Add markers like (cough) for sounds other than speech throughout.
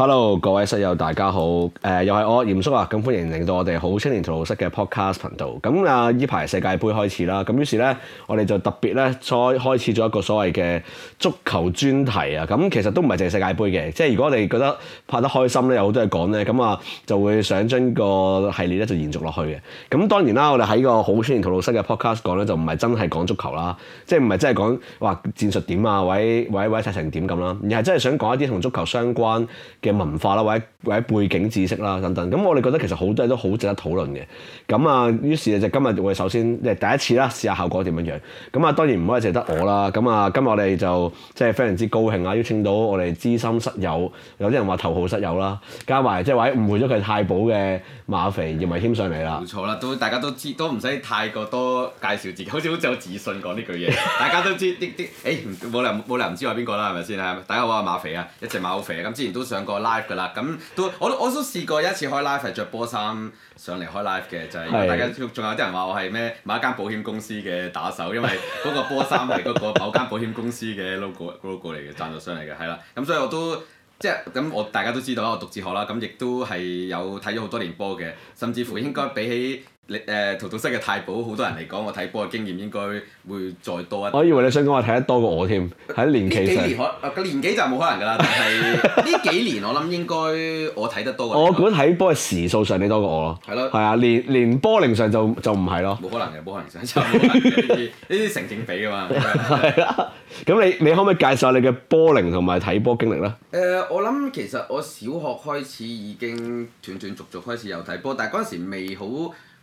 Hello，各位室友大家好，誒、呃、又係我鹽叔啊，咁歡迎嚟到我哋好青年荼毒室嘅 podcast 頻道。咁啊呢排世界盃開始啦，咁於是咧我哋就特別咧再開始咗一個所謂嘅足球專題啊。咁其實都唔係淨係世界盃嘅，即係如果我哋覺得拍得開心咧，有好多嘢講咧，咁啊就會想將個系列咧就延續落去嘅。咁當然啦，我哋喺、呢個好青年荼毒室嘅 podcast 講咧，就唔係真係講足球啦，即係唔係真係講話戰術點啊，或者或者或者踢成點咁啦，而係真係想講一啲同足球相關嘅文化啦，或者或者背景知識啦等等，咁我哋覺得其實好多嘢都好值得討論嘅。咁啊，於是就是、今日我哋首先即係第一次啦，試下效果點樣樣。咁啊，當然唔可以值得我啦。咁啊，今日我哋就即係、就是、非常之高興啊，邀請到我哋知心室友，有啲人話頭號室友啦，加埋即係話誤會咗佢太保嘅馬肥要咪軒上嚟啦。冇錯啦，都大家都知，都唔使太過多介紹自己，好似好像有自信講呢句嘢、 (laughs) 欸。大家都知啲啲，誒冇理冇人唔知我係邊個啦，係咪先啊？第一個話馬肥啊，一隻馬好肥啊。咁之前都想過。live 噶啦，咁都我都我都試過一次開 live 係著波衫上嚟開 live 嘅，就係、是、因為大家仲是的 有啲人話我係咩某一間保險公司嘅打手，因為嗰個波衫係嗰個某間保險公司嘅 logo logo 嚟嘅贊助商嚟嘅。係啦，咁所以我都即係咁我大家都知道啦，我讀哲學啦，咁亦都係有睇咗好多年波嘅，甚至乎應該比起。嗯你誒荼毒室嘅太保，好多人嚟講，我睇波嘅經驗應該會再多一啲。我以為你想講我睇得多過我添。係、呃、年紀上。年可紀就冇可能㗎啦，但係呢 (laughs) 幾年我諗應該我睇得多過。我估睇波嘅時數上你多過我咯。係咯 (laughs) 的。係啊，連連波齡上就就唔係咯。冇可能嘅波齡上可能，呢啲 (laughs) 成正比㗎嘛。咁 (laughs) (laughs) 你你可唔可以介紹下你嘅波齡同埋睇波經歷咧？誒、呃，我諗其實我小學開始已經斷斷續，續續開始有睇波，但係嗰陣時未好。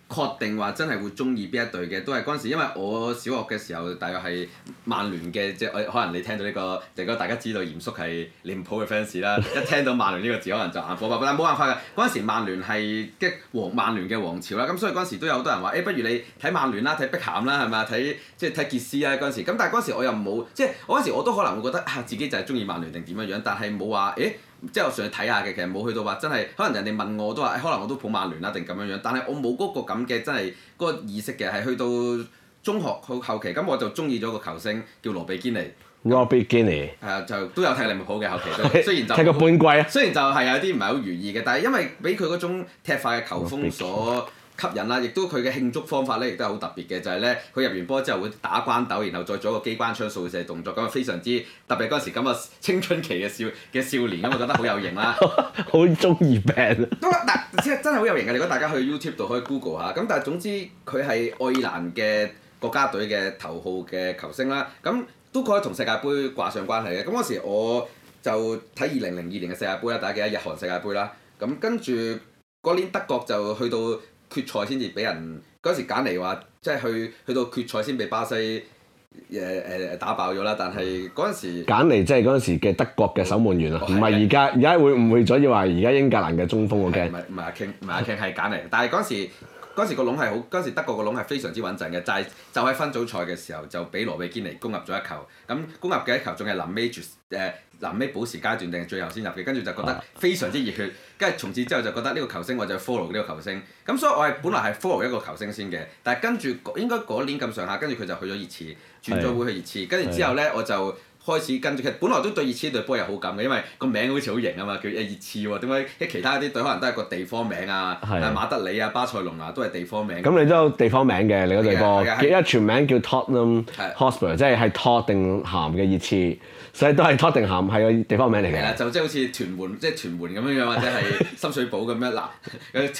確定話真係會中意邊一隊嘅，都係嗰陣時，因為我小學嘅時候，大概係曼聯嘅，即係可能你聽到呢、這個，大家知道鹽叔係利物浦嘅 fans 啦， (laughs) 一聽到曼聯呢個字，可能就眼火爆爆，但冇辦法嘅。嗰陣時曼聯係激王曼聯嘅王朝啦，咁所以嗰陣時都有好多人話，誒、欸、不如你睇曼聯啦，睇碧咸啦，係咪？睇即係睇傑斯啦、啊，嗰陣時。咁但係嗰陣時我又冇，即係嗰陣時我都可能會覺得啊，自己就係中意曼聯定點樣樣，但係冇話誒。欸即係我上去睇下嘅，其實冇去到話真係，可能人哋問我都話、哎，可能我都捧曼聯啦，定咁樣樣。但係我冇嗰個咁嘅真係嗰個意識嘅，係去到中學好後期，咁我就中意咗個球星叫羅比堅尼。羅比堅尼誒、嗯嗯嗯、就都有踢利物浦嘅後期都，是雖然就踢個半季啊，雖然就係有啲唔係好如意嘅，但係因為俾佢嗰種踢法嘅球風所。吸引啦，亦都佢嘅慶祝方法咧，亦都係好特別嘅，就係咧佢入完波之後會打關鬥，然後再做一個機關槍掃射動作，咁啊非常之特別。嗰陣時咁啊青春期嘅少嘅少年啊嘛，我覺得好有型啦，好中意病。真係好有型嘅，你如果大家去 YouTube 度可以 Google 下。咁但係總之佢係愛爾蘭嘅國家隊嘅頭號嘅球星啦，咁都可以同世界盃掛上關係嘅，咁嗰時我就睇二零零二年嘅世界盃啦，大家記得日韓世界盃啦，咁跟住嗰年德國就去到。決賽先至俾人嗰時簡尼話，即係去去到決賽先俾巴西誒誒打爆咗啦。但係嗰陣時簡尼即係嗰陣時嘅德國嘅守門員啦，唔係而家，而家會誤會咗，以為而家英格蘭嘅中鋒我驚。唔係唔係阿 King，唔係阿 King 係簡尼。但係嗰陣時嗰陣時個籠係好，嗰陣時德國個籠係非常之穩陣嘅，就係就喺分組賽嘅時候就俾羅比堅尼攻入咗一球，咁攻入嘅一球仲係臨尾誒臨尾保持階段定係最後先入嘅，跟住就覺得非常之熱血，跟住從此之後就覺得呢個球星我就 follow 呢個球星，咁所以我係本來係 follow 一個球星先嘅，但係跟住應該嗰年咁上下，跟住佢就去咗熱刺，轉咗會去熱刺，跟住的之後咧的我就。開始跟住佢本來都對熱刺對波有好感嘅，因為個名好似好型啊嘛，叫誒熱刺喎。點解啲其他啲隊可能都係個地方名啊？啊馬德里啊、巴塞隆啊都係地方名。咁你都有地方名嘅你嗰隊波，因為全名叫 Tottenham Hotspur 即係 Tottenham 嘅熱刺，所以都係 Tottenham 係個地方名嚟嘅。就即係好似屯門，即係屯門咁樣樣，或者係深水埗咁樣。嗱，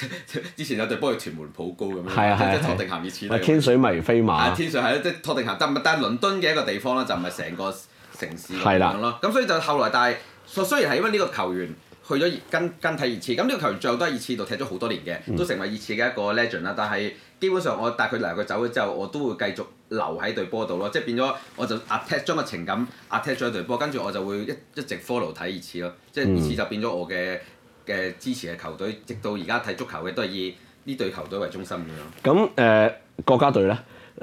之前有隊波係屯門普高咁樣，即係 Tottenham 熱刺。天水迷飛馬。天水係啦，即係 Tottenham 但係倫敦嘅一個地方咧，就唔係成個。城市咁樣，咁所以就後來，但係雖然係因為呢個球員去咗跟跟睇熱刺，咁呢個球員最後都喺熱刺度踢咗好多年嘅。嗯、都成為熱刺嘅一個 legend 啦。但係基本上我帶佢嚟，佢走咗之後，我都會繼續留喺隊波度咯，即係變咗我就 attach 將個情感 attach 咗喺隊波，跟住我就會一一直 follow 睇熱刺咯。即係熱刺就變咗我嘅嘅支持嘅球隊，直到而家睇足球嘅都係以呢隊球隊為中心咁樣。咁誒、嗯呃、國家隊呢？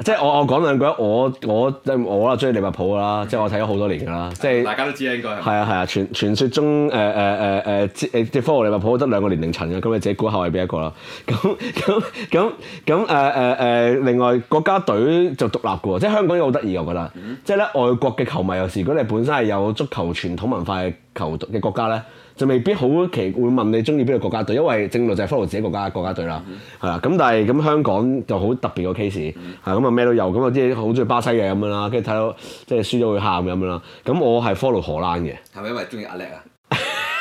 即係我我講兩句，我我即係我啦，中意利物浦㗎啦，即係我睇咗好多年㗎啦，嗯、即係大家都知啦，應該係啊係啊，傳傳説中誒誒誒誒哲哲科和利物浦得兩個年齡層㗎，咁你自己估下係邊一個啦？咁咁咁咁誒誒誒，另外國家隊就獨立㗎喎，即係香港好得意，我覺得，嗯、即係咧外國嘅球迷又是，如果你本身係有足球傳統文化嘅球嘅國家咧。就未必好奇會問你中意邊個國家隊，因為正路就係 follow 自己國家嘅國家隊啦，係啦、嗯。咁但係咁香港就好特別個 case，係咁啊咩都有，咁有啲好中意巴西嘅咁樣啦，跟住睇到即係輸咗會喊咁樣啦。咁我係 follow 荷蘭嘅，係咪因為中意阿叻啊？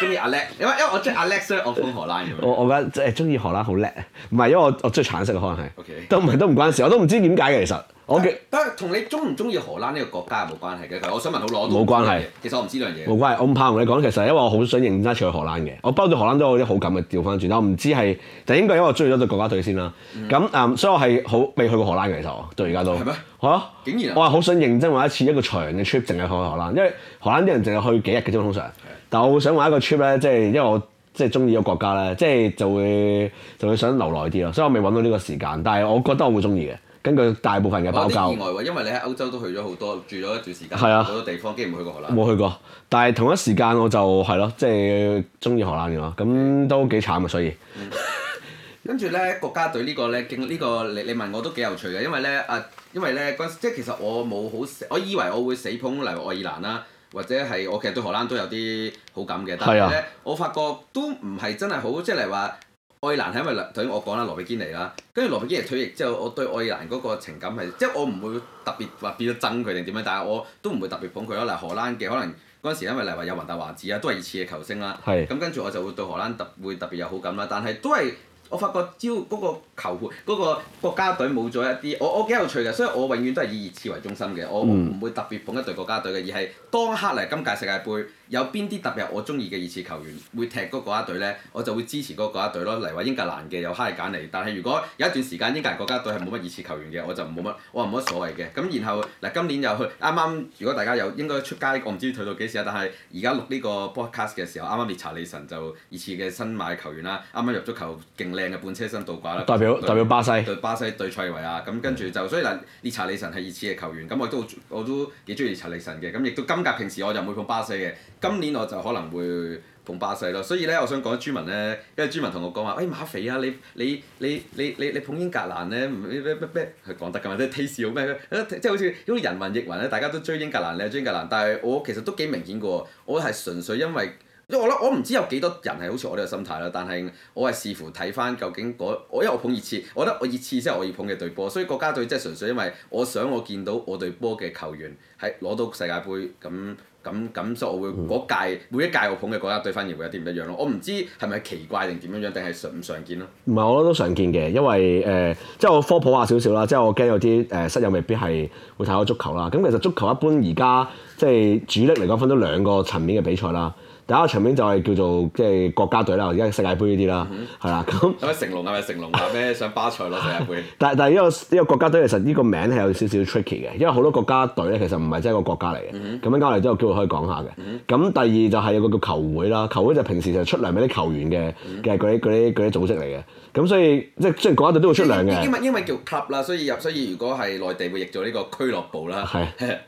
中意阿叻，因為因為我中意阿叻先，我中意荷蘭我我覺得即係中意荷蘭好叻，唔係因為我我中意橙色可能係 Okay.，都唔都唔關事，我都唔知點解嘅其實。但我嘅不同你中唔中意荷蘭呢個國家係冇關係嘅。其實我想問好耐，冇關係。其實我唔知呢樣嘢。冇關係，我唔怕同你講，其實因為我好想認真去荷蘭嘅。我包到荷蘭都有啲好感嘅，調翻轉。但我唔知係就應該因為我中意咗對國家隊先啦。咁誒、嗯，um, 所以我係好未去過荷蘭嘅，其實我到而家都。係咩、嗯？啊、竟然、啊、我係好想認真玩一次一個長嘅 trip，淨係去荷蘭，因為荷蘭啲人淨係去幾日嘅啫通常。但我想玩一個 trip 咧，即係因為我即係中意個國家咧，即係就會就會想留耐啲咯，所以我未揾到呢個時間。但係我覺得我會中意嘅。根據大部分嘅包教，哦、有啲意外喎，因為你喺歐洲都去咗好多，住咗一段時間，係啊、好多地方，竟然唔會去過荷蘭。冇去過，但係同一時間我就係咯，即係中意荷蘭嘅咯，咁都幾慘嘅。所以、嗯、 (laughs) 跟住咧，國家隊呢、呢個咧，呢個你你問我都幾有趣嘅，因為咧啊，因為咧嗰即係其實我冇好，我以為我會死捧例如愛爾蘭啦。或者係我其實對荷蘭都有啲好感嘅，但係咧是、啊、我發覺都唔係真係好，即係例如話愛爾蘭係因為頭先我講啦，羅比堅尼啦，跟住羅比堅尼退役之後，我對愛爾蘭嗰個情感係，即係我唔會特別話變咗憎佢定點樣，但係我都唔會特別捧佢啦。嗱，荷蘭嘅可能嗰陣時因為例如話有雲達華子啊，都係熱刺嘅球星啦，咁跟住我就會對荷蘭特會特別有好感啦，但係都係。我發覺招嗰個球會嗰、嗰個國家隊冇咗一啲，我我幾有趣嘅，所以我永遠都係以熱刺為中心嘅，我唔會特別捧一隊國家隊嘅，而係當刻嚟今屆世界盃有邊啲特別我中意嘅熱刺球員會踢嗰個國家隊呢？我就會支持嗰個國家隊咯。例如話英格蘭嘅有哈利簡尼。但係如果有一段時間英格蘭國家隊係冇乜熱刺球員嘅，我就冇乜我冇乜所謂嘅。咁然後嗱今年又去啱啱，如果大家有應該出街，我唔知退到幾時啊。但係而家錄呢個 podcast 嘅時候，啱啱列查利神就熱刺嘅新買球員啦，啱啱入足球勁靚嘅半車身倒掛啦，代表代表巴西，對巴西對塞爾維亞咁，跟住就所以嗱，呢查理神係熱刺嘅球員，咁我都我都幾中意查理神嘅，咁亦都今屆平時我就唔會捧巴西嘅，今年我就可能會捧巴西咯。所以咧，我想講朱文咧，因為朱文同我講話，喂、哎、馬肥啊，你你你你你你，你，你捧英格蘭咧，咩咩咩咩，佢講得㗎嘛，即係 taste 好咩？即係好似因為人云亦云咧，大家都追英格蘭，你又追英格蘭，但係我其實都幾明顯個，我係純粹因為。因為我咧，我唔知有幾多人係好似我呢個心態啦。但係我係視乎睇翻究竟我，因為我捧熱刺，我覺得我熱刺先係我熱捧嘅隊波，所以國家隊即係純粹因為我想我見到我隊波嘅球員喺攞到世界盃，咁咁咁所以我會嗰、嗯、屆每一屆我捧嘅國家隊反而會有啲唔一樣咯。我唔知係咪奇怪定點樣樣，定係常唔常見咯？唔係我覺得都常見嘅，因為誒、呃、即係我科普一下少少啦，即係我驚有啲誒室友未必係會睇開足球啦。咁其實足球一般而家即係主力嚟講分咗兩個層面嘅比賽啦。有一場面就係叫做即係國家隊啦，而家世界盃呢啲啦，係啦咁。係咪成龍啊？係咪成龍啊？咩想巴塞攞世界盃？但係但係呢個呢個國家隊其實呢個名係有少少 tricky 嘅，因為好多國家隊咧其實唔係真係一個國家嚟嘅。咁樣交嚟都有機會可以講下嘅。咁第二就係有個叫球會啦，球會就平時就出糧俾啲球員嘅嘅嗰啲嗰啲組織嚟嘅。咁所以即係雖然國家隊都會出糧嘅，因為因為叫 club 啦，所以入所以如果係內地會譯做呢個俱樂部啦，係，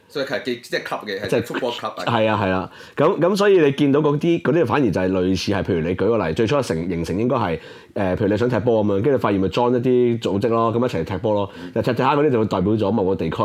所以係幾即係 club 嘅，即係足球 club 啊。係啊係啊，咁咁所以你見到個。啲嗰啲反而就係類似係，譬如你舉個例，最初成形成應該係誒、呃，譬如你想踢波啊嘛，跟住發現咪 join 一啲組織咯，咁一齊踢波咯。但係、嗯、踢踢下嗰啲就會代表咗某個地區，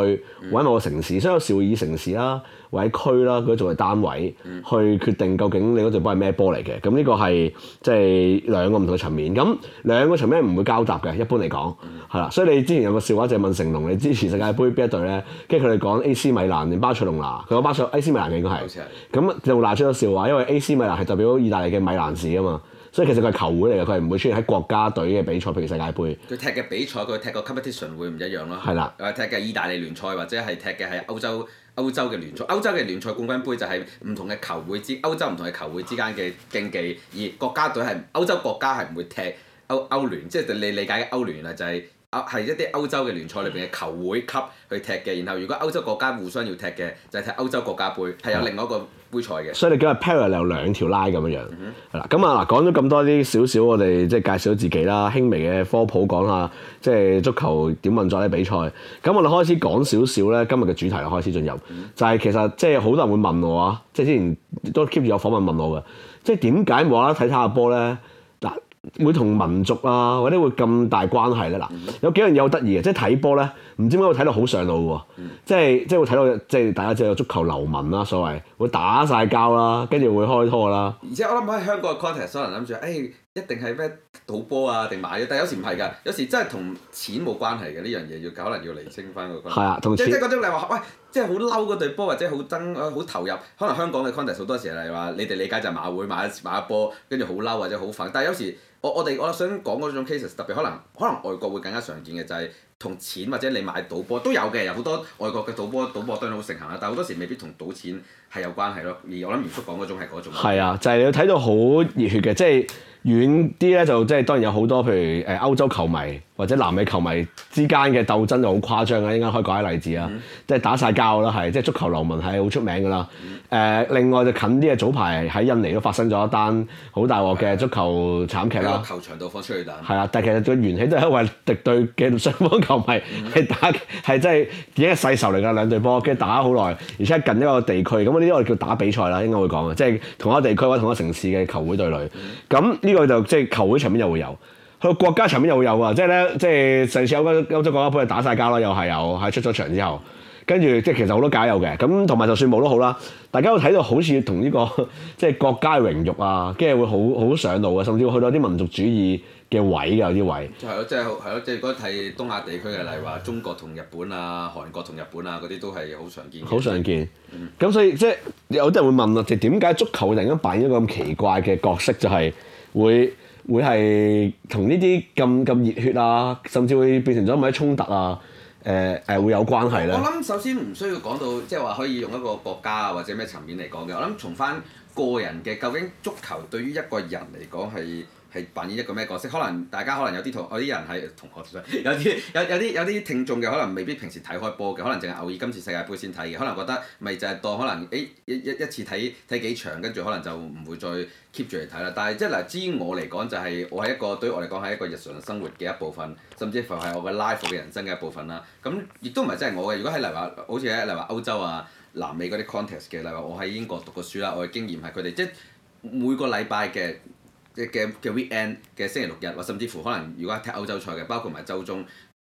或者某個城市，所以有少數城市啦。或者區啦，佢作為單位、嗯、去決定究竟你嗰隊波係咩波嚟嘅，咁呢個係即係兩個唔同嘅層面，咁兩個層面唔會交集嘅，一般嚟講係啦。所以你之前有個笑話就係、是、問成龍，你支持世界盃邊一隊咧？跟住佢哋講 A.C. 米蘭同巴塞隆拿，佢講巴塞 A.C. 米蘭嘅應該係，咁就會鬧出咗笑話，因為 A.C. 米蘭係代表意大利嘅米蘭市啊嘛，所以其實佢係球會嚟嘅，佢係唔會出現喺國家隊嘅比賽，譬如世界盃。佢踢嘅比賽，佢踢個 competition 會唔一樣咯，係啦的，或者踢嘅意大利聯賽，或者係踢嘅係歐洲。歐洲嘅聯賽，歐洲嘅聯賽冠軍杯就係唔同嘅球會之歐洲唔同嘅球會之間嘅競技，而國家隊係歐洲國家係唔會踢歐歐，歐聯，即係你理解嘅歐聯啊，就係歐係一啲歐洲嘅聯賽裏邊嘅球會級去踢嘅，然後如果歐洲國家互相要踢嘅，就係踢歐洲國家杯，係有另外一個。杯賽嘅，所以你今日 parallel 有兩條拉咁樣樣，係啦、嗯哼。咁啊，講咗咁多啲少少，我哋即係介紹自己啦，輕微嘅科普講下，即係足球點運作啲比賽。咁我哋開始講少少咧，今日嘅主題開始進入，就係、是、其實即係好多人會問我啊，即係之前都 keep 住有訪問問我嘅，即係點解冇啦睇睇下波咧？會同民族啊，或者會咁大關係咧？嗱，有幾樣嘢好得意嘅，即係睇波咧，唔知點解會睇到好上腦喎、啊嗯，即係即係會睇到，即係大家即係足球流民啦、啊，所謂會打晒交啦，跟住會開拖啦、啊，而且我諗喺香港嘅 context，可能諗住，誒、哎。一定係咩賭波啊，定買？但有時唔係噶，有時真係同錢冇關係嘅呢樣嘢，要可能要釐清翻個關係。係啊，同即係嗰種你話喂，即係好嬲嗰隊波，或者好憎、好投入。可能香港嘅 context 好多時係話，你哋理解就係馬會買一買一波，跟住好嬲或者好快。但係有時我我哋我想講嗰種 cases，特別可能可能外國會更加常見嘅就係同錢或者你買賭波都有嘅，有好多外國嘅賭波賭波當然好盛行啊。但係好多時未必同賭錢係有關係咯。而我諗鹽叔講嗰種係嗰種。係啊，就係你睇到好熱血嘅，即係。遠啲咧就即當然有好多，譬如誒歐洲球迷。或者南美球迷之間嘅鬥爭就好誇張啊！應該可以講啲例子啊、嗯，即係打晒交啦，係即係足球流氓係好出名㗎啦。誒、嗯呃，另外就近啲嘅早排喺印尼都發生咗一單好大鑊嘅足球慘劇啦。球場度放出去打。係啦，但係其實個源起都係一位敵對嘅雙方球迷係、嗯、打係真係已經世仇嚟㗎，兩隊波跟住打好耐，而且近一個地區咁呢個叫打比賽啦，應該會講嘅，即係同一個地區或者同一城市嘅球會對壘。咁呢、嗯嗯、個就即係球會層面又會有。佢國家層面又會有啊，即係咧，即係上次歐歐洲國家杯打晒交啦，又係有喺出咗場之後，跟住即係其實好多假有嘅，咁同埋就算冇都好啦，大家都睇到好似同呢個即係國家榮辱啊，跟住會好好上路啊，甚至會去到啲民族主義嘅位嘅有啲位，係咯， (laughs) (laughs) 即係係咯，即係如果睇東亞地區嘅例如話，中國同日本啊、韓國同日本啊嗰啲都係好常見，好常見，咁所以即係有啲人會問啊，就點解足球突然間扮演一個咁奇怪嘅角色，就係會？會係同呢啲咁咁熱血啊，甚至會變成咗咩衝突啊？誒、呃、誒會有關係咧？我諗首先唔需要講到，即係話可以用一個國家啊或者咩層面嚟講嘅。我諗從返個人嘅，究竟足球對於一個人嚟講係？係扮演一個咩角色？可能大家可能有啲同有啲人係同學有啲有啲有啲聽眾嘅，可能未必平時睇開波嘅，可能淨係偶爾今次世界盃先睇，嘅，可能覺得咪就係當可能誒一一,一,一次睇睇幾場，跟住可能就唔會再 keep 住嚟睇啦。但係即係嗱，至於我嚟講就係、係、我係一個對我嚟講係一個日常生活嘅一部分，甚至乎係我嘅 life 嘅人生嘅一部分啦。咁亦都唔係真係我嘅。如果喺例如話好似咧，例如話歐洲啊、南美嗰啲 context 嘅，例如話我喺英國讀過書啦，我嘅經驗係佢哋即每個禮拜嘅。嘅嘅 weekend 嘅星期六日，甚至乎可能如果係踢歐洲賽嘅，包括埋周中，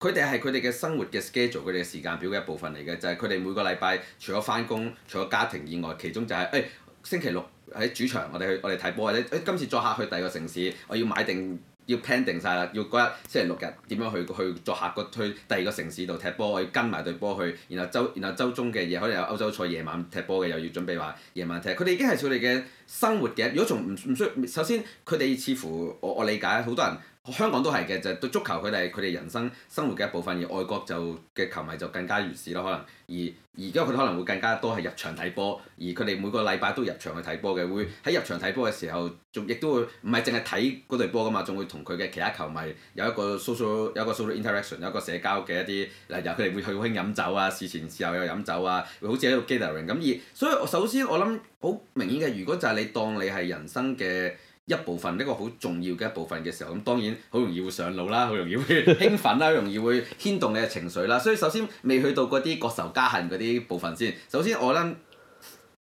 佢哋係佢哋嘅生活嘅 schedule，佢哋嘅時間表嘅一部分嚟嘅，就係佢哋每個禮拜除咗翻工，除咗家庭以外，其中就係誒星期六喺主場我，我哋去我哋睇波，或者誒今次作客去第二個城市，我要買定。要 plan 定晒啦，要嗰日星期六日點樣去去作客，去第二個城市度踢波，我要跟埋隊波去，然後周，然後周中嘅嘢可能有歐洲賽夜晚踢波嘅，又要準備話夜晚踢。佢哋已經係佢哋嘅生活嘅。如果從唔唔需要，首先，佢哋似乎我我理解好多人。香港都係嘅，就係、對足球佢哋佢哋人生生活嘅一部分，而外國就嘅球迷就更加如是咯，可能而而家佢可能會更加多係入場睇波，而佢哋每個禮拜都入場去睇波嘅，會喺入場睇波嘅時候仲亦都，都會唔係淨係睇嗰隊波㗎嘛，仲會同佢嘅其他球迷有一個 social，有一個 social interaction，有一個社交嘅一啲嗱，由佢哋會好興飲酒啊，事前事後有飲酒啊，會好似喺度 gathering 咁而，所以我首先我諗好明顯嘅，如果就係你當你係人生嘅。一部分呢個好重要嘅一部分嘅時候，咁當然好容易會上腦啦，好容易會興奮啦，好容易會牽動你嘅情緒啦。所以首先未去到嗰啲國仇家恨嗰啲部分先。首先我諗，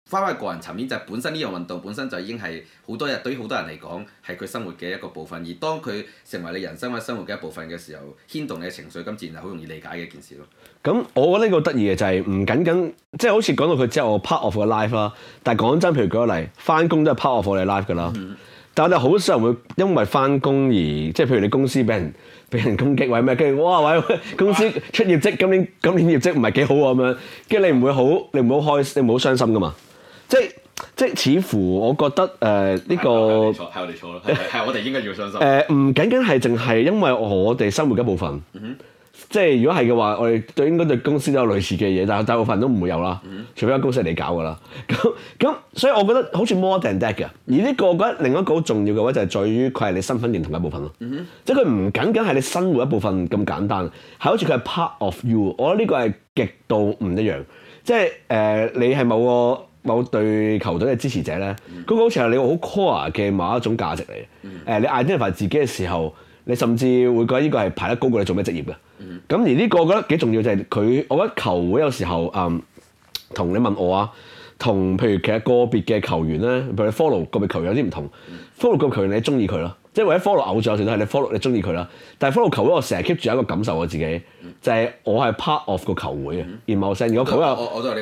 翻翻個人層面，就係本身呢樣運動本身就已經係好多日對好多人嚟講係佢生活嘅一個部分。而當佢成為你人生或生活嘅一部分嘅時候，牽動你嘅情緒，咁自然係好容易理解嘅一件事咯。咁我覺得呢個得意嘅就係唔僅僅即係好似講到佢之後，part of life 啦。但係講真，譬如舉個例，翻工都係 part of 我 life 噶啦。但係我哋好少人會因為翻工而，即係譬如你公司俾人俾人攻擊，或者咩，跟住哇喂，公司出業績，今年今年業績唔係幾好啊咁樣，跟住你唔會好，你唔會好開，你唔會好傷心噶嘛。即係即係，似乎我覺得誒呢、呃這個係我哋錯咯，係我哋應該要傷心。誒唔、呃、僅僅係淨係因為我哋生活嘅一部分。嗯哼即係如果係嘅話，我哋對應該對公司都有類似嘅嘢，但係大部分都唔會有啦。除非間公司嚟搞㗎啦。咁 (laughs) 咁，所以我覺得好似 more than that 嘅。而呢、這個我覺得另一個好重要嘅話，就係在於佢係你身份認同一部分咯。Mm hmm. 即係佢唔僅僅係你生活一部分咁簡單，係好似佢係 part of you。我覺得呢個係極度唔一樣。即係誒、呃，你係某個某隊球隊嘅支持者咧，嗰個、mm hmm. 好似係你好 core 嘅某一種價值嚟嘅。誒、mm hmm. 呃，你 identify 自己嘅時候。你甚至會覺得呢個係排得高過你做咩職業嘅。咁、嗯、而呢個我覺得幾重要，就係、是、佢我覺得球會有時候誒，同、嗯、你問我啊，同譬如其實個別嘅球員咧，譬如你 follow 個別球員有啲唔同、嗯、follow 個球員你中意佢咯，即係或者 follow 偶像，有時都係你 follow 你中意佢啦。但係 follow 球會我成日 keep 住有一個感受我自己，嗯、就係我係 part of 個球會啊。而 in my sense 有球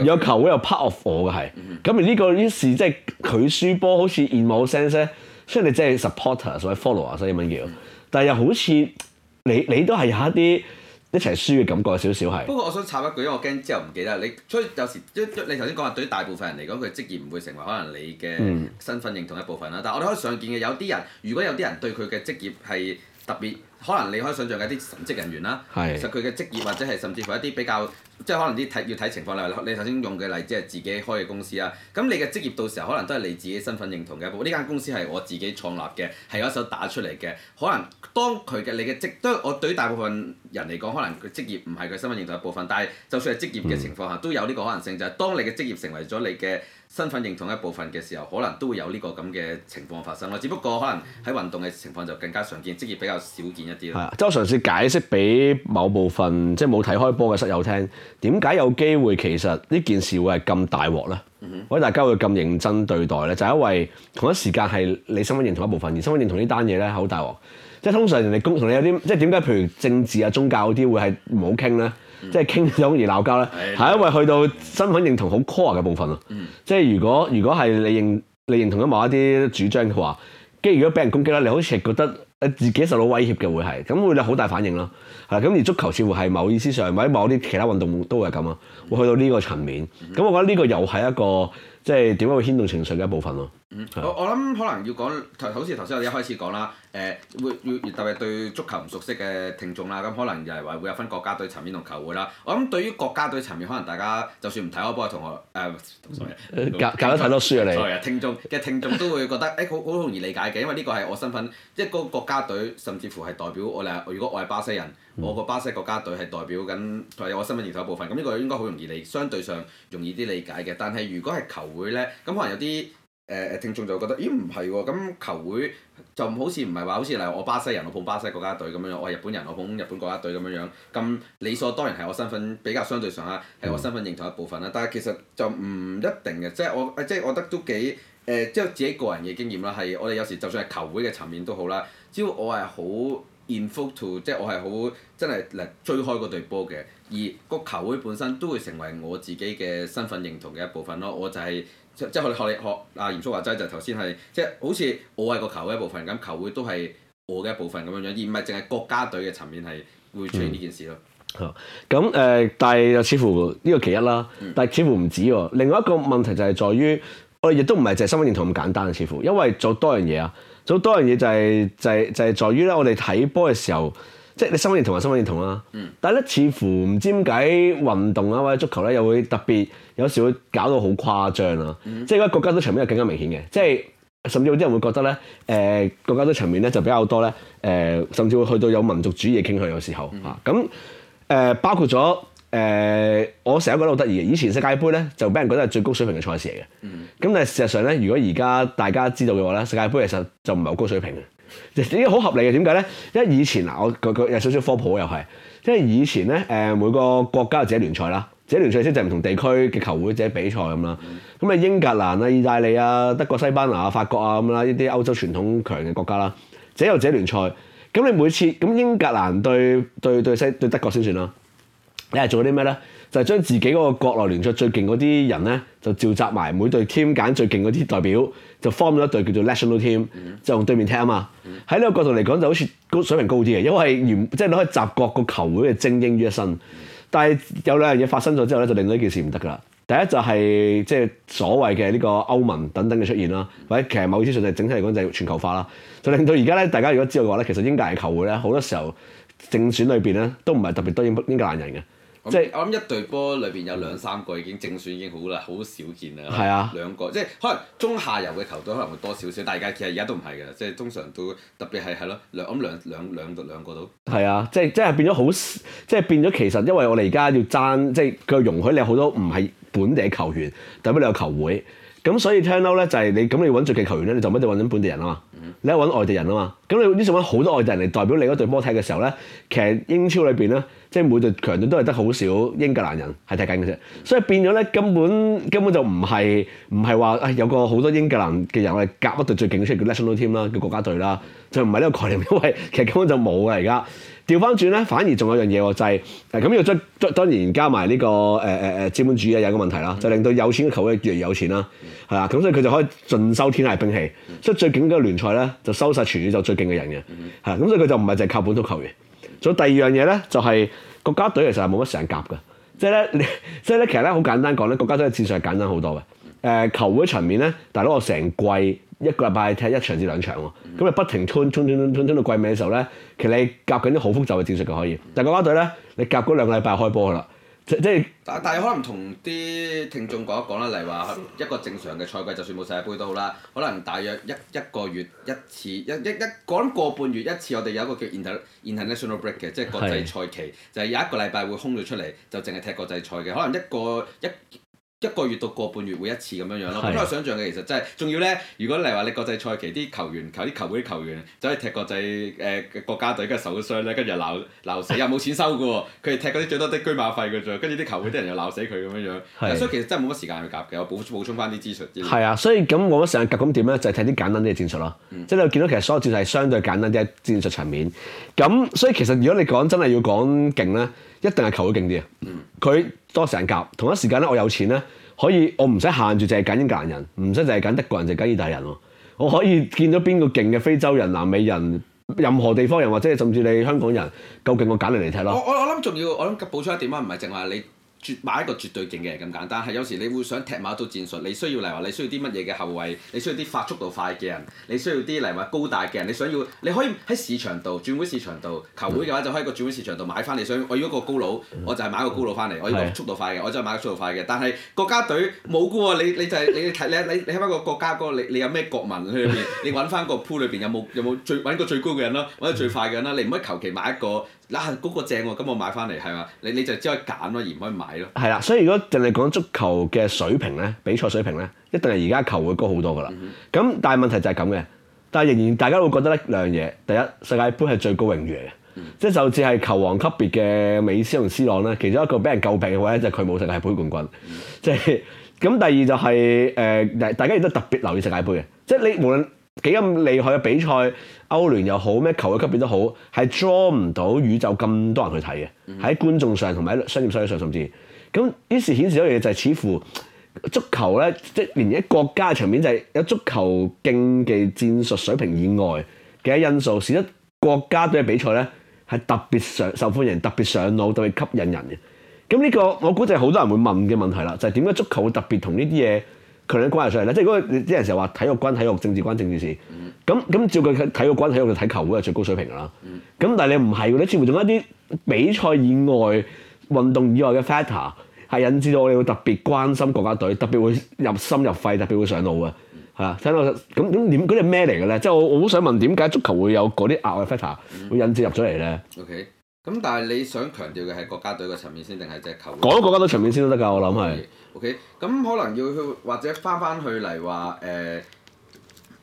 有球會有 part of 我嘅係。咁、嗯嗯、而呢個於是即係佢輸波好似 in my sense 咧，雖然你只係 supporter 所以 follow 啊，所以點樣叫？但又好似你你都係有一啲一齊輸嘅感覺少少係。不過我想插一句，因為我驚之後唔記得你。所以有時即你頭先講話對大部分人嚟講，佢職業唔會成為可能你嘅身份認同一部分啦。但係我哋可以常見嘅有啲人，如果有啲人對佢嘅職業係特別。可能你可以想象嘅一啲神職人員啦，是其實佢嘅職業或者係甚至乎一啲比較，即、就、係、是、可能啲睇要睇情況啦。例如你頭先用嘅例子係自己開嘅公司啊，咁你嘅職業到時候可能都係你自己身份認同嘅部分。呢間公司係我自己創立嘅，係有一手打出嚟嘅。可能當佢嘅你嘅職，都我對大部分人嚟講，可能佢職業唔係佢身份認同嘅部分。但係就算係職業嘅情況下，都有呢個可能性，就係、是、當你嘅職業成為咗你嘅。身份認同一部分嘅時候，可能都會有呢個咁嘅情況發生咯。只不過可能喺運動嘅情況就更加常見，職業比較少見一啲咯。係啊，我嘗試解釋俾某部分即係冇睇開波嘅室友聽，點解有機會其實呢件事會係咁大鑊咧？Mm hmm. 或者大家會咁認真對待咧？就係因為同一時間係你身份認同一部分，而身份認同呢單嘢咧，好大鑊，即係通常人哋公同你有啲即係點解？譬如政治啊、宗教嗰啲會係唔好傾咧。即係傾咗而鬧交咧，係因為去到身份認同好 core 嘅部分咯。即係如果如果係你認你認同咗某一啲主張嘅話，即係如果俾人攻擊咧，你好似係覺得誒自己受到威脅嘅會係，咁會有好大反應咯。係咁，而足球似乎係某意思上或者某啲其他運動都會係咁啊，會去到呢個層面。咁我覺得呢個又係一個即係點解會牽動情緒嘅一部分咯。嗯，我我諗可能要講頭，好似頭先我哋一開始講啦，誒、呃，會要特別對足球唔熟悉嘅聽眾啦，咁、嗯、可能又係話會有分國家隊層面同球會啦。我諗對於國家隊層面，可能大家就算唔睇我波嘅同學，誒、呃，sorry 教教得太多書啊，你，係啊，聽眾嘅 (laughs) 聽眾都會覺得誒，好、欸、好容易理解嘅，因為呢個係我身份，即係嗰個國家隊，甚至乎係代表我哋。如果我係巴西人，我個巴西國家隊係代表緊，係我身份認同一部分。咁呢個應該好容易理，相對上容易啲理解嘅。但係如果係球會咧，咁可能有啲。誒誒，聽眾就覺得，咦唔係喎？咁球會就好似唔係話，好似例如我巴西人，我捧巴西國家隊咁樣樣；我係日本人，我捧日本國家隊咁樣樣。咁理所當然係我身份比較相對上啦，係我身份認同一部分啦。但係其實就唔一定嘅，即係我即係我覺得都幾誒、呃，即係自己個人嘅經驗啦。係我哋有時就算係球會嘅層面都好啦，只要我係好 into 即係我係好真係嚟追開嗰隊波嘅，而個球會本身都會成為我自己嘅身份認同嘅一部分咯。我就係、是。即係學學你學阿、啊、鹽叔話齋就頭先係，即、就、係、是、好似我係個球會一部分咁，球會都係我嘅一部分咁樣樣，而唔係淨係國家隊嘅層面係會出現呢件事咯。咁誒、嗯，但係又、呃呃、似乎呢、呢個其一啦，但係似乎唔止喎。另外一個問題就係在於，我哋亦都唔係就係身份認同咁簡單啊。似乎因為做多樣嘢啊，做多樣嘢就係、是、就係、是、就係、是就是、在於咧，我哋睇波嘅時候。即係你身份認同、身份認同啦、啊，嗯、但係咧似乎唔知點解運動啊或者足球咧又會特別有時會搞到好誇張啊！嗯、即係國家隊層面又更加明顯嘅，即係甚至有啲人會覺得咧，誒、呃、國家隊層面咧就比較多咧，誒、呃、甚至會去到有民族主義嘅傾向，有時候啊，咁誒、嗯呃、包括咗誒、呃，我成日覺得好得意嘅，以前世界杯咧就俾人覺得係最高水平嘅賽事嚟嘅，咁、嗯、但係事實上咧，如果而家大家知道嘅話咧，世界杯其實就唔係好高水平嘅。就已經好合理嘅，點解咧？因為以前嗱，我個個有少少科普又係，即係以前咧，誒每個國家有自己聯賽啦，自己聯賽即就唔同地區嘅球會自己比賽咁啦。咁啊，英格蘭啊、意大利啊、德國、西班牙啊、法國啊咁啦，呢啲歐洲傳統強嘅國家啦，自己有自己聯賽。咁你每次咁英格蘭對對對西對德國先算啦，你係做啲咩咧？就將自己嗰個國內聯賽最勁嗰啲人咧，就召集埋每隊 team 揀最勁嗰啲代表，就 form 咗一隊叫做 national team，就用對面踢啊嘛。喺呢個角度嚟講，就好似高水平高啲嘅，因為原即係攞嚟集各個球會嘅精英於一身。但係有兩樣嘢發生咗之後咧，就令到呢件事唔得㗎喇。第一就係即係所謂嘅呢個歐盟等等嘅出現啦，或者其實某啲嘢就係整體嚟講就係全球化啦。就令到而家咧，大家如果知道嘅話咧，其實英格蘭球會咧，好多時候正選裏邊咧，都唔係特別多英格蘭人嘅。即係我諗一隊波裏邊有兩三個已經正選已經好啦，好少見啦。係啊，兩個即係可能中下游嘅球隊可能會多少少，但係而家其實而家都唔係嘅，即係通常都特別係係咯兩，我諗兩兩兩兩個到。係啊，即係即係變咗好，即係變咗其實因為我哋而家要爭，即係佢容許你好多唔係本地嘅球員，代表你有球會，咁所以聽、就是、到咧就係你咁你揾著嘅球員咧，你就唔一定揾緊本地人啊嘛。你係揾外地人啊嘛，咁你呢十好多外地人嚟代表你嗰隊波踢嘅時候咧，其實英超裏邊咧，即係每隊強隊都係得好少英格蘭人係踢緊嘅啫，所以變咗咧，根本根本就唔係唔係話啊有個好多英格蘭嘅人，我哋夾一隊最勁嘅出嚟叫 National Team 啦，叫國家隊啦，就唔係呢個概念，因為其實根本就冇啊而家。調翻轉咧，反而仲有樣嘢喎，就係咁要再當然加埋呢、這個誒誒誒資本主義啊，有一個問題啦，就令到有錢嘅球會越嚟越有錢啦，係啊，咁所以佢就可以盡收天下兵器，所以最勁嘅聯賽咧就收曬全宇宙最勁嘅人嘅，係咁所以佢就唔係淨係靠本土球員。所以第二樣嘢咧就係、是、國家隊其實係冇乜時間夾㗎，即係咧即係咧其實咧好簡單講咧，國家隊嘅戰術係簡單好多嘅，誒、呃、球會層面咧，大佬我成季。一個禮拜踢一場至兩場喎，咁啊、嗯、不停衝衝衝衝衝到季尾嘅時候咧，其實你夾緊啲好複雜嘅戰術嘅可以，嗯、但係國家隊咧，你夾嗰兩個禮拜開波啦，即係但係可能同啲聽眾講一講啦，例如話一個正常嘅賽季就算冇世界盃都好啦，可能大約一一個月一次，一一講過半月一次，我哋有一個叫 international break 嘅，即係國際賽期，是就係有一個禮拜會空咗出嚟，就淨係踢國際賽嘅，可能一個一。一一一一一個月到個半月會一次咁樣樣咯。咁的我想象嘅其實真、就、係、是，重要咧。如果例如話你國際賽期啲球員，求啲球會啲球員走去踢國際誒、呃、國家隊，跟住受傷咧，跟住又鬧鬧死又冇錢收嘅喎。佢哋踢嗰啲最多得車馬費嘅啫。跟住啲球會啲人又鬧死佢咁樣樣。的所以其實真係冇乜時間去夾嘅。我補補充翻啲資訊。係啊，所以咁我冇乜時間夾，咁點咧就係睇啲簡單啲嘅戰術咯。即係、嗯、你見到其實所有戰術係相對簡單啲嘅戰術層面。咁所以其實如果你講真係要講勁咧，一定係球會勁啲啊。佢、嗯。多成夾，同一時間咧，我有錢咧，可以我唔使限住，淨係揀英格蘭人，唔使淨係揀德國人，淨係揀意大利人，我可以見到邊個勁嘅非洲人、南美人、任何地方人，或者甚至你香港人，究竟我揀嚟嚟睇咯。我我我諗仲要，我諗補充一點啊，唔係淨係你。買一個絕對勁嘅人咁簡單，係有時你會想踢某一套戰術，你需要嚟話你需要啲乜嘢嘅後衞，你需要啲發速度快嘅人，你需要啲嚟話高大嘅人，你想要你可以喺市場度轉會市場度球會嘅話，就可以喺個轉會市場度買翻你想我要一個高佬，我就係買一個高佬翻嚟，我要個速度快嘅，是我就係買速度快嘅。但係國家隊冇嘅喎，你你就係你睇你你你睇翻個國家嗰個你你有咩國民喺裏邊，你揾翻個 pool 裏邊有冇有冇最揾個最高嘅人啦、啊，揾個最快嘅人啦、啊，你唔可以求其買一個。嗱嗰、啊那個正喎、啊，咁我買翻嚟係嘛？你你就只可以揀咯，而唔可以買咯。係啦，所以如果淨係講足球嘅水平咧，比賽水平咧，一定係而家球會高好多噶啦。咁、mm hmm. 但係問題就係咁嘅，但係仍然大家會覺得呢兩樣嘢。第一，世界盃係最高榮譽嘅，mm hmm. 即係就似係球王級別嘅美斯同 C 朗咧，其中一個俾人詬病嘅位咧就係佢冇世界盃冠軍，即係咁。Hmm. (laughs) 第二就係、是、誒、呃，大家亦都特別留意世界盃嘅，即係你無論。幾咁厲害嘅比賽，歐聯又好，咩球嘅級別都好，係 draw 唔到宇宙咁多人去睇嘅。喺、mm hmm. 觀眾上，同埋喺商業收益上，甚至咁，於是顯示咗一嘢就係、是，似乎足球咧，即、就、係、是、連喺國家層面，就係有足球競技戰術水平以外嘅因素，使得國家對嘅比賽咧係特別上受歡迎、特別上腦、特別吸引人嘅。咁呢、這個我估計好多人會問嘅問題啦，就係點解足球會特別同呢啲嘢？強力關入上嚟咧，即係嗰啲人成日話體育關體育，政治關政治事。咁咁、嗯、照佢體育關體育，睇球會係最高水平㗎啦。咁、嗯、但係你唔係喎，你似乎仲有一啲比賽以外、運動以外嘅 factor 係引致到你會特別關心國家隊，特別會入心入肺，特別會上腦嘅嚇。嗯、聽到咁點點嗰啲咩嚟嘅咧？即係、就是、我我好想問，點解足球會有嗰啲額外 factor 會引致入咗嚟咧？OK，咁但係你想強調嘅係國家隊嘅層面先，定係隻球？講到國家隊層面先都得㗎，我諗係。嗯 O.K.，咁可能要去或者翻翻去嚟話誒，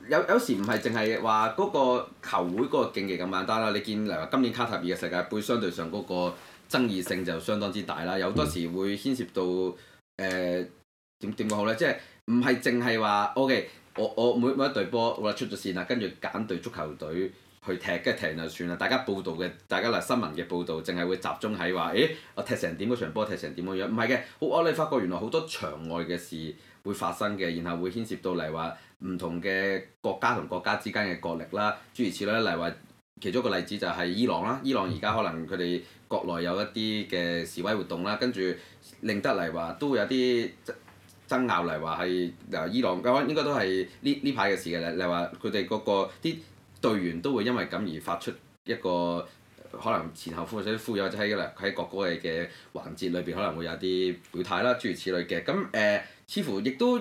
有有時唔係淨係話嗰個球會嗰個競技咁簡單啦。你見例如話今年卡塔爾嘅世界盃，相對上嗰個爭議性就相當之大啦。有多時會牽涉到誒點點講好呢？呃嗯、即係唔係淨係話 O.K.，我我每每一隊波，我出咗線啦，跟住揀隊足球隊。去踢，跟住踢完就算啦。大家報道嘅，大家嚟新聞嘅報道，淨係會集中喺話，誒、哎，我踢成點嗰場波，踢成點嗰樣。唔係嘅，好，我你發覺原來好多場外嘅事會發生嘅，然後會牽涉到嚟話唔同嘅國家同國家之間嘅角力啦，諸如此類。嚟話其中一個例子就係伊朗啦，伊朗而家可能佢哋國內有一啲嘅示威活動啦，跟住令得嚟話都會有啲爭拗嚟話係嗱伊朗，應該應該都係呢呢排嘅事嘅啦。例如話佢哋嗰個啲。隊員都會因為咁而發出一個可能前後呼或者呼嘯就喺啦，喺國歌嘅嘅環節裏邊可能會有啲表態啦，諸如此類嘅。咁誒，似乎亦都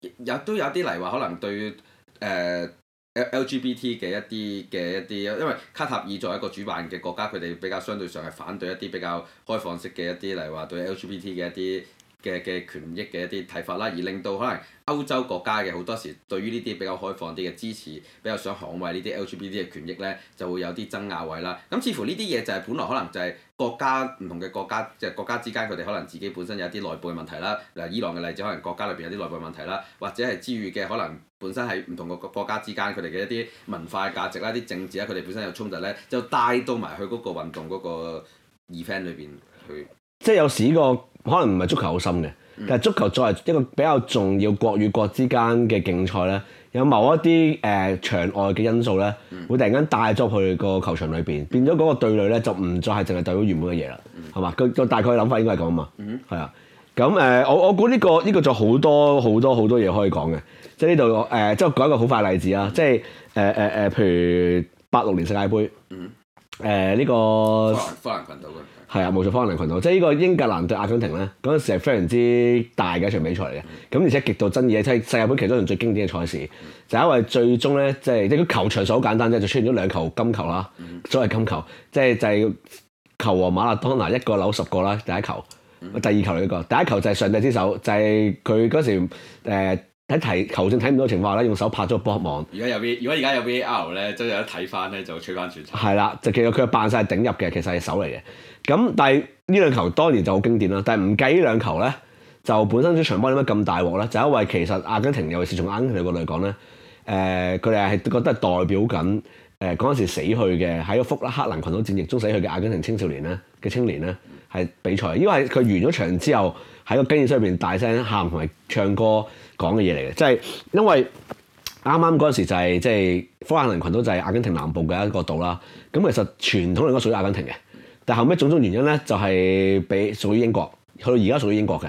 有都有啲嚟話可能對誒、呃、L G B T 嘅一啲嘅一啲，因為卡塔爾作為一個主辦嘅國家，佢哋比較相對上係反對一啲比較開放式嘅一啲嚟話對 L G B T 嘅一啲。嘅嘅權益嘅一啲睇法啦，而令到可能歐洲國家嘅好多時對於呢啲比較開放啲嘅支持，比較想捍衞呢啲 LGBT 嘅權益呢，就會有啲爭拗位啦。咁似乎呢啲嘢就係本來可能就係國家唔同嘅國家，即係國家之間佢哋可能自己本身有一啲內部嘅問題啦。嗱，伊朗嘅例子可能國家裏邊有啲內部嘅問題啦，或者係之餘嘅可能本身係唔同個國家之間佢哋嘅一啲文化價值啦、啲政治啦，佢哋本身有衝突呢，就帶到埋去嗰個運動嗰個 event 裏邊去。即係有時呢個。可能唔係足球好深嘅，但係足球作為一個比較重要國與國之間嘅競賽咧，有某一啲誒、呃、場外嘅因素咧，嗯、會突然間帶咗去個球場裏邊，嗯、變咗嗰個對壘咧就唔再係淨係代表原本嘅嘢啦，係嘛、嗯？佢個大概諗法應該係咁啊嘛，係啊、嗯。咁誒、呃，我我估呢、這個呢、這個就好多好多好多嘢可以講嘅，即係呢度誒，即係舉一個好快例子啊，即係誒誒誒，譬如八六年世界盃，誒呢個。5. 係啊，冇錯，福克蘭群島，即係呢個英格蘭對阿根廷咧，嗰陣時係非常之大嘅一場比賽嚟嘅。咁而且極度爭議嘅，即係世界盃其中一場最經典嘅賽事。就係因為最終咧，即係即係佢球場上好簡單啫，就出現咗兩球金球啦，所謂金球，即係就係球王馬勒當拿一個扭十個啦。第一球，第二球嚟嘅，第一球就係上帝之手，就係佢嗰時誒喺提球證睇唔到情況下咧，用手拍咗個波網。如果有 V，如果而家有 V A R 咧，真係有得睇翻咧，就吹翻轉。係啦，就其實佢扮曬係頂入嘅，其實係手嚟嘅。咁但係呢兩球當然就好經典啦。但係唔計呢兩球咧，就本身呢場波點解咁大鑊咧？就係、因為其實阿根廷，尤其是從阿根廷角度嚟講咧，誒佢哋係覺得代表緊誒嗰陣時死去嘅喺個福克蘭群島戰役中死去嘅阿根廷青少年咧嘅青年咧，係比賽。因為佢完咗場之後喺個更衣室入邊大聲喊同埋唱歌講嘅嘢嚟嘅，即、就、係、係、因為啱啱嗰陣時就係即係福克蘭群島就係阿根廷南部嘅一個島啦。咁其實傳統嚟講屬於阿根廷嘅。但後尾種種原因咧，就係俾屬於英國，去到而家屬於英國嘅。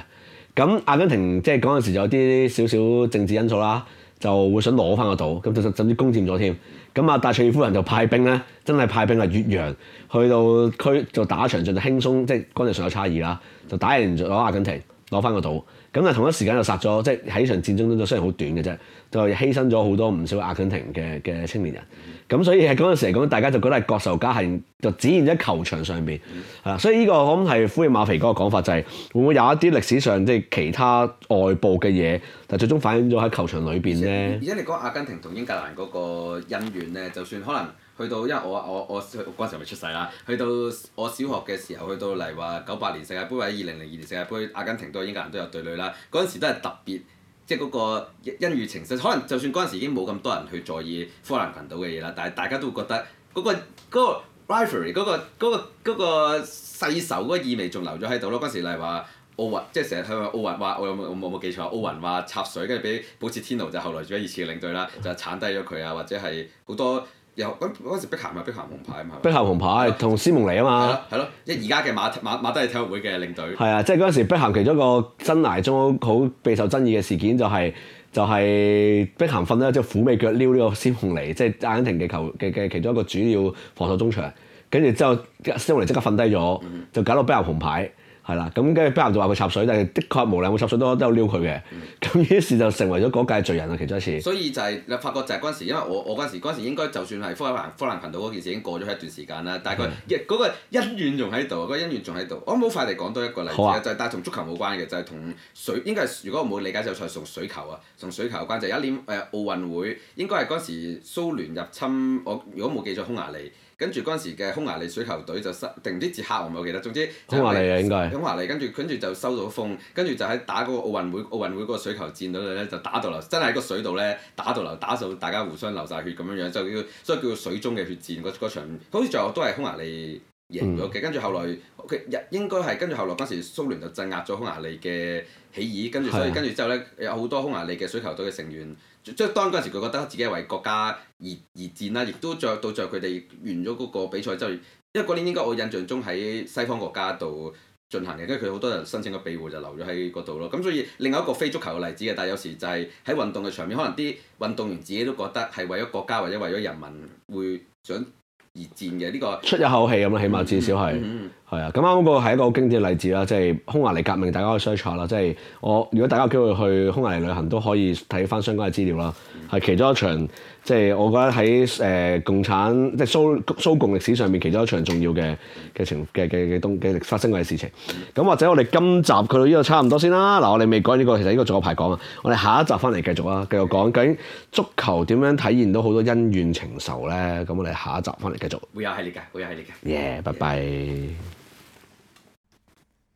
咁阿根廷即係嗰陣時有啲少少政治因素啦，就會想攞翻個島，咁就甚至攻佔咗添。咁啊，戴卓爾夫人就派兵咧，真係派兵係越洋去到區，就打一場仗就輕鬆，即係軍事上有差異啦，就打贏咗阿根廷，攞翻個島。咁啊，同一時間就殺咗，即係喺場戰中就雖然好短嘅啫，就犧牲咗好多唔少阿根廷嘅嘅青年人。咁、嗯、所以喺嗰陣時嚟講，大家就覺得係國仇家恨，就展現咗球場上邊、嗯、啊。所以呢、個我諗係呼應馬肥哥嘅講法就係、是，會唔會有一啲歷史上即係其他外部嘅嘢，但最終反映咗喺球場裏邊咧？而家你講阿根廷同英格蘭嗰個恩怨咧，就算可能。去到因為我我我嗰陣時未出世啦，去到我小學嘅時候，去到例如話九八年世界盃或者二零零二年世界盃，阿根廷都同英格蘭都有對壘啦。嗰陣時都係特別，即係嗰、那個恩怨情深。可能就算嗰陣時已經冇咁多人去在意科蘭群島嘅嘢啦，但係大家都會覺得嗰、那個嗰、那個 rivalry 嗰、那個嗰、那個嗰、那個那個世仇嗰個意味仲留咗喺度咯。嗰陣時例如話奧雲，即係成日聽話奧雲話，我有我冇記錯，奧雲話插水跟住俾保切天奴就後來做咗熱刺嘅領隊啦，就鏟低咗佢啊，或者係好多。又嗰嗰陣時，碧咸咪碧咸紅牌啊嘛！碧咸紅牌同斯蒙尼啊嘛，係咯係咯，而家嘅馬馬馬德里體育會嘅領隊。係啊，即係嗰陣時碧咸其中一個生涯中好備受爭議嘅事件，就係，就係就係碧咸瞓即係虎尾腳撩呢個斯蒙尼，即係阿根廷嘅球嘅嘅其中一個主要防守中場，跟住之後斯蒙尼即刻瞓低咗，就搞到碧咸紅牌。係啦，咁跟住波蘭就話佢插水，但係的確無論有冇插水都好，都有撩佢嘅，咁於是就成為咗嗰屆罪人啊，其中一次。所以就係、是、你發覺就係嗰時，因為我我嗰時嗰時應該就算係福克蘭、福克蘭群島嗰件事已經過咗一段時間啦，但係佢嗰個恩怨仲喺度，嗰、那個恩怨仲喺度。我冇快啲講多一個例子，啊、就是、但係同足球冇關嘅，就係、是、同水應該係如果我冇理解錯係同水球啊，同水球有關就有、是、一年誒、呃、奧運會應該係嗰時蘇聯入侵我如果冇記錯匈牙利。跟住嗰陣時嘅匈牙利水球隊就收，唔知啲捷克，我唔係好記得，總之、就係、匈牙利啊應該，匈牙利跟住跟住就收到風，跟住就喺打嗰個奧運會奧運會嗰個水球戰度咧就打到流，真係喺個水度咧打到流，打到大家互相流晒血，咁樣樣，就叫所以叫水中嘅血戰，嗰嗰場好似最後都係匈牙利贏咗嘅、嗯，跟住後來佢日應該係跟住後來嗰陣時蘇聯就鎮壓咗匈牙利嘅。起義，跟住所以是的 跟住之後咧，有好多匈牙利嘅水球隊嘅成員，即係當嗰陣時，佢覺得自己係為國家而而戰啦，亦都著到著佢哋完咗嗰個比賽之後，因為嗰年應該我印象中喺西方國家度進行嘅，跟住佢好多人申請個庇護就留咗喺嗰度咯。咁所以另外一個非足球嘅例子嘅，但係有時就係喺運動嘅場面，可能啲運動員自己都覺得係為咗國家或者為咗人民會想而戰嘅。呢、呢個出一口氣咁起碼至少係、嗯。嗯嗯。係啊，咁啱嗰個係一個好經典嘅例子啦，即係匈牙利革命，大家可以 search 下啦。即係我如果大家有機會去匈牙利旅行，都可以睇翻相關嘅資料啦。係其中一場，即係我覺得喺誒、呃、共產即係蘇蘇共歷史上面其中一場重要嘅嘅情嘅嘅嘅東嘅發生過嘅事情。咁、嗯、或者我哋今集去到呢度差唔多先啦。嗱，我哋未講呢個，其實呢個仲有排講啊。我哋下一集翻嚟繼續啊，繼續講究竟足球點樣體現到好多恩怨情仇咧？咁我哋下一集翻嚟繼續。會有系列嘅，會有系列嘅。耶、yeah, bye，拜拜。